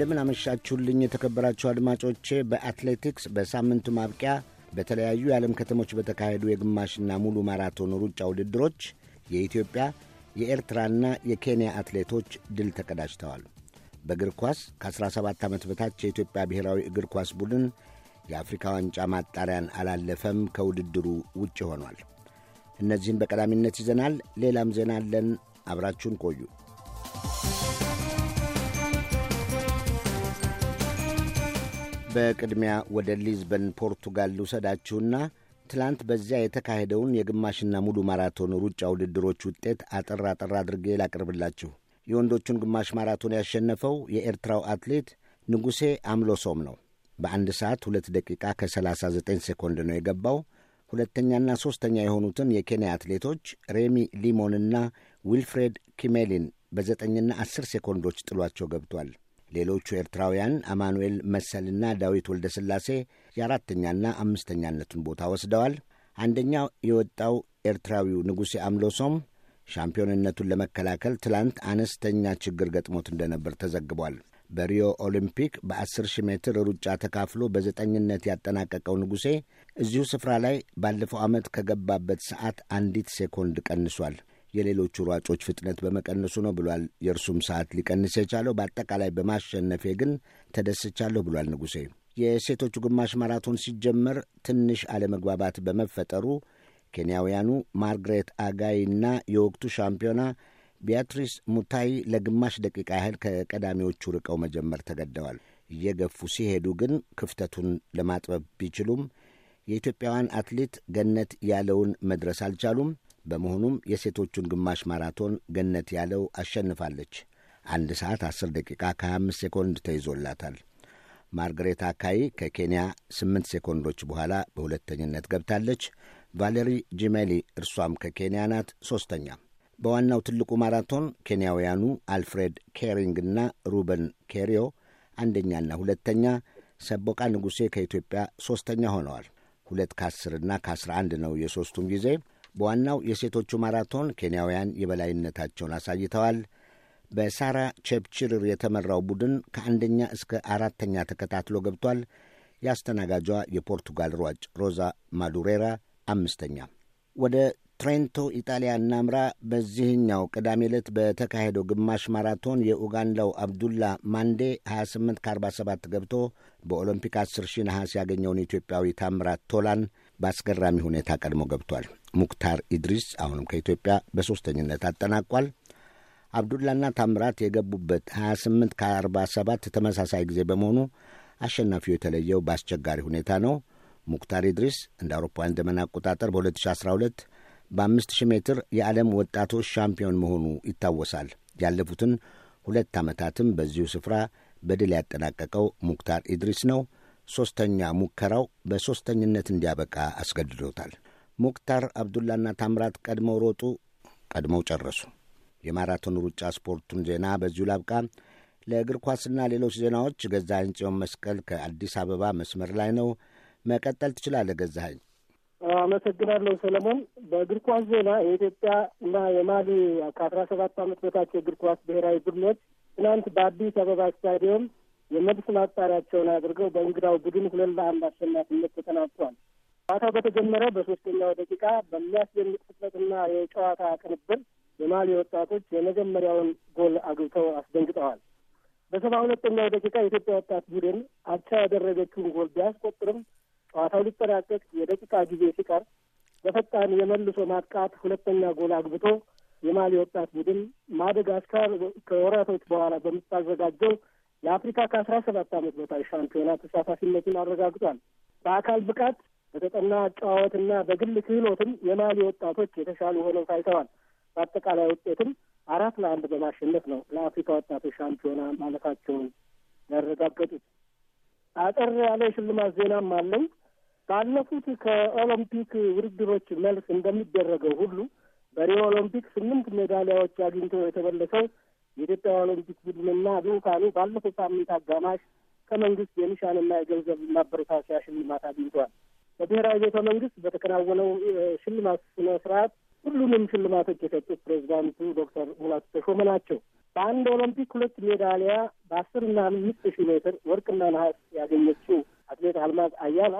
እንደምን አመሻችሁልኝ የተከበራችሁ አድማጮቼ። በአትሌቲክስ በሳምንቱ ማብቂያ በተለያዩ የዓለም ከተሞች በተካሄዱ የግማሽና ሙሉ ማራቶን ሩጫ ውድድሮች የኢትዮጵያ የኤርትራና የኬንያ አትሌቶች ድል ተቀዳጅተዋል። በእግር ኳስ ከ17 ዓመት በታች የኢትዮጵያ ብሔራዊ እግር ኳስ ቡድን የአፍሪካ ዋንጫ ማጣሪያን አላለፈም፣ ከውድድሩ ውጭ ሆኗል። እነዚህን በቀዳሚነት ይዘናል። ሌላም ዜና አለን። አብራችሁን ቆዩ። በቅድሚያ ወደ ሊዝበን ፖርቱጋል ልውሰዳችሁና ትላንት በዚያ የተካሄደውን የግማሽና ሙሉ ማራቶን ሩጫ ውድድሮች ውጤት አጠር አጠር አድርጌ ላቅርብላችሁ። የወንዶቹን ግማሽ ማራቶን ያሸነፈው የኤርትራው አትሌት ንጉሴ አምሎሶም ነው። በአንድ ሰዓት ሁለት ደቂቃ ከ39 ሴኮንድ ነው የገባው። ሁለተኛና ሦስተኛ የሆኑትን የኬንያ አትሌቶች ሬሚ ሊሞንና ዊልፍሬድ ኪሜሊን በዘጠኝና አስር ሴኮንዶች ጥሏቸው ገብቷል። ሌሎቹ ኤርትራውያን አማኑኤል መሰልና ዳዊት ወልደ ስላሴ የአራተኛና አምስተኛነቱን ቦታ ወስደዋል። አንደኛው የወጣው ኤርትራዊው ንጉሴ አምሎሶም ሻምፒዮንነቱን ለመከላከል ትላንት አነስተኛ ችግር ገጥሞት እንደነበር ተዘግቧል። በሪዮ ኦሊምፒክ በ10 ሺህ ሜትር ሩጫ ተካፍሎ በዘጠኝነት ያጠናቀቀው ንጉሴ እዚሁ ስፍራ ላይ ባለፈው ዓመት ከገባበት ሰዓት አንዲት ሴኮንድ ቀንሷል። የሌሎቹ ሯጮች ፍጥነት በመቀነሱ ነው ብሏል። የእርሱም ሰዓት ሊቀንስ የቻለው በአጠቃላይ በማሸነፌ ግን ተደስቻለሁ ብሏል ንጉሴ። የሴቶቹ ግማሽ ማራቶን ሲጀመር ትንሽ አለመግባባት በመፈጠሩ ኬንያውያኑ ማርግሬት አጋይ እና የወቅቱ ሻምፒዮና ቢያትሪስ ሙታይ ለግማሽ ደቂቃ ያህል ከቀዳሚዎቹ ርቀው መጀመር ተገደዋል። እየገፉ ሲሄዱ ግን ክፍተቱን ለማጥበብ ቢችሉም የኢትዮጵያውያን አትሌት ገነት ያለውን መድረስ አልቻሉም። በመሆኑም የሴቶቹን ግማሽ ማራቶን ገነት ያለው አሸንፋለች። አንድ ሰዓት 10 ደቂቃ ከ25 ሴኮንድ ተይዞላታል። ማርገሬት አካይ ከኬንያ 8 ሴኮንዶች በኋላ በሁለተኝነት ገብታለች። ቫሌሪ ጂሜሊ እርሷም ከኬንያ ናት ሦስተኛ። በዋናው ትልቁ ማራቶን ኬንያውያኑ አልፍሬድ ኬሪንግና ሩበን ኬሪዮ አንደኛና ሁለተኛ፣ ሰቦቃ ንጉሴ ከኢትዮጵያ ሦስተኛ ሆነዋል። ሁለት ከ10ና ከ11 ነው የሦስቱም ጊዜ በዋናው የሴቶቹ ማራቶን ኬንያውያን የበላይነታቸውን አሳይተዋል። በሳራ ቼፕችርር የተመራው ቡድን ከአንደኛ እስከ አራተኛ ተከታትሎ ገብቷል። የአስተናጋጇ የፖርቱጋል ሯጭ ሮዛ ማዱሬራ አምስተኛ። ወደ ትሬንቶ ኢጣሊያ እናምራ። በዚህኛው ቅዳሜ ዕለት በተካሄደው ግማሽ ማራቶን የኡጋንዳው አብዱላ ማንዴ 28 ከ47 ገብቶ በኦሎምፒክ 10 ሺህ ነሐስ ያገኘውን ኢትዮጵያዊ ታምራት ቶላን በአስገራሚ ሁኔታ ቀድሞ ገብቷል። ሙክታር ኢድሪስ አሁንም ከኢትዮጵያ በሦስተኝነት አጠናቋል። አብዱላና ታምራት የገቡበት 28 ከ47 ተመሳሳይ ጊዜ በመሆኑ አሸናፊው የተለየው በአስቸጋሪ ሁኔታ ነው። ሙክታር ኢድሪስ እንደ አውሮፓውያን ዘመን አቆጣጠር በ2012 በ5000 ሜትር የዓለም ወጣቶች ሻምፒዮን መሆኑ ይታወሳል። ያለፉትን ሁለት ዓመታትም በዚሁ ስፍራ በድል ያጠናቀቀው ሙክታር ኢድሪስ ነው። ሦስተኛ ሙከራው በሦስተኝነት እንዲያበቃ አስገድዶታል። ሙክታር አብዱላና ታምራት ቀድመው ሮጡ፣ ቀድመው ጨረሱ። የማራቶን ሩጫ ስፖርቱን ዜና በዚሁ ላብቃ። ለእግር ኳስና ሌሎች ዜናዎች ገዛኸኝ ጽዮን መስቀል ከአዲስ አበባ መስመር ላይ ነው። መቀጠል ትችላለህ ገዛኸኝ። አመሰግናለሁ ሰለሞን። በእግር ኳስ ዜና የኢትዮጵያ እና የማሊ ከአስራ ሰባት ዓመት በታች የእግር ኳስ ብሔራዊ ቡድኖች ትናንት በአዲስ አበባ ስታዲየም የመልስ ማጣሪያቸውን አድርገው በእንግዳው ቡድን ሁለት ለአንድ አሸናፊነት ተጠናቋል። ጨዋታው በተጀመረ በሶስተኛው ደቂቃ በሚያስደንቅ ፍጥነትና የጨዋታ ቅንብር የማሊ ወጣቶች የመጀመሪያውን ጎል አግብተው አስደንግጠዋል። በሰባ ሁለተኛው ደቂቃ የኢትዮጵያ ወጣት ቡድን አቻ ያደረገችውን ጎል ቢያስቆጥርም ጨዋታው ሊጠናቀቅ የደቂቃ ጊዜ ሲቀር በፈጣን የመልሶ ማጥቃት ሁለተኛ ጎል አግብቶ የማሊ ወጣት ቡድን ማደጋስካር ከወራቶች በኋላ በምታዘጋጀው ለአፍሪካ ከአስራ ሰባት ዓመት በታች ሻምፒዮና ተሳታፊነቱን አረጋግጧል። በአካል ብቃት በተጠና አጨዋወትና በግል ክህሎትም የማሊ ወጣቶች የተሻሉ ሆነው ታይተዋል። በአጠቃላይ ውጤትም አራት ለአንድ በማሸነፍ ነው ለአፍሪካ ወጣቶች ሻምፒዮና ማለፋቸውን ያረጋገጡት። አጠር ያለ ሽልማት ዜናም አለኝ። ባለፉት ከኦሎምፒክ ውድድሮች መልስ እንደሚደረገው ሁሉ በሪዮ ኦሎምፒክ ስምንት ሜዳሊያዎች አግኝቶ የተመለሰው የኢትዮጵያ ኦሎምፒክ ቡድንና ልዑካኑ ባለፈው ሳምንት አጋማሽ ከመንግስት የኒሻንና የገንዘብ ማበረታቻ ሽልማት አግኝቷል። በብሔራዊ ቤተ መንግስት በተከናወነው ሽልማት ስነ ስርዓት ሁሉንም ሽልማቶች የሰጡት ፕሬዚዳንቱ ዶክተር ሙላቱ ተሾመ ናቸው። በአንድ ኦሎምፒክ ሁለት ሜዳሊያ በአስርና አምስት ሺህ ሜትር ወርቅና ነሐስ ያገኘችው አትሌት አልማዝ አያና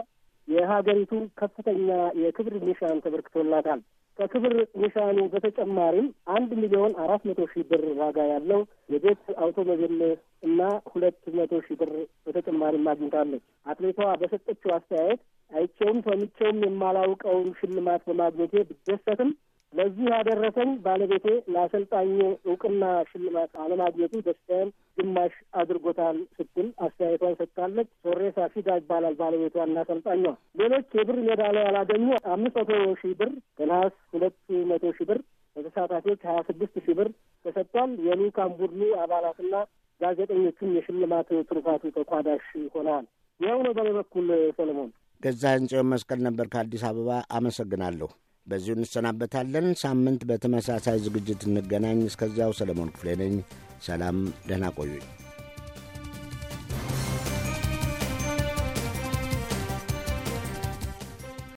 የሀገሪቱ ከፍተኛ የክብር ኒሻን ተበርክቶላታል። ከክብር ኒሻኑ በተጨማሪም አንድ ሚሊዮን አራት መቶ ሺህ ብር ዋጋ ያለው የቤት አውቶሞቢል እና ሁለት መቶ ሺህ ብር በተጨማሪም አግኝታለች። አትሌቷ በሰጠችው አስተያየት አይቼውም ሰምቼውም የማላውቀውን ሽልማት በማግኘቴ ብደሰትም ለዚህ ያደረሰኝ ባለቤቴ ለአሰልጣኙ እውቅና ሽልማት አለማግኘቱ ደስታዬን ግማሽ አድርጎታል ስትል አስተያየቷን ሰጥታለች። ሶሬሳ ፊዳ ይባላል ባለቤቷ ና አሰልጣኟ። ሌሎች የብር ሜዳሊያ ያላገኙ አምስት መቶ ሺህ ብር ከነሐስ ሁለት መቶ ሺህ ብር ለተሳታፊዎች ሀያ ስድስት ሺህ ብር ተሰጥቷል። የልዑካን ቡድኑ አባላትና ጋዜጠኞችም የሽልማት ትሩፋቱ ተቋዳሽ ሆነዋል። ይኸው ነው በኔ በኩል ሰለሞን። ገዛ ጽዮን መስቀል ነበር ከአዲስ አበባ አመሰግናለሁ። በዚሁ እንሰናበታለን። ሳምንት በተመሳሳይ ዝግጅት እንገናኝ። እስከዚያው ሰለሞን ክፍሌ ነኝ። ሰላም፣ ደህና ቆዩኝ።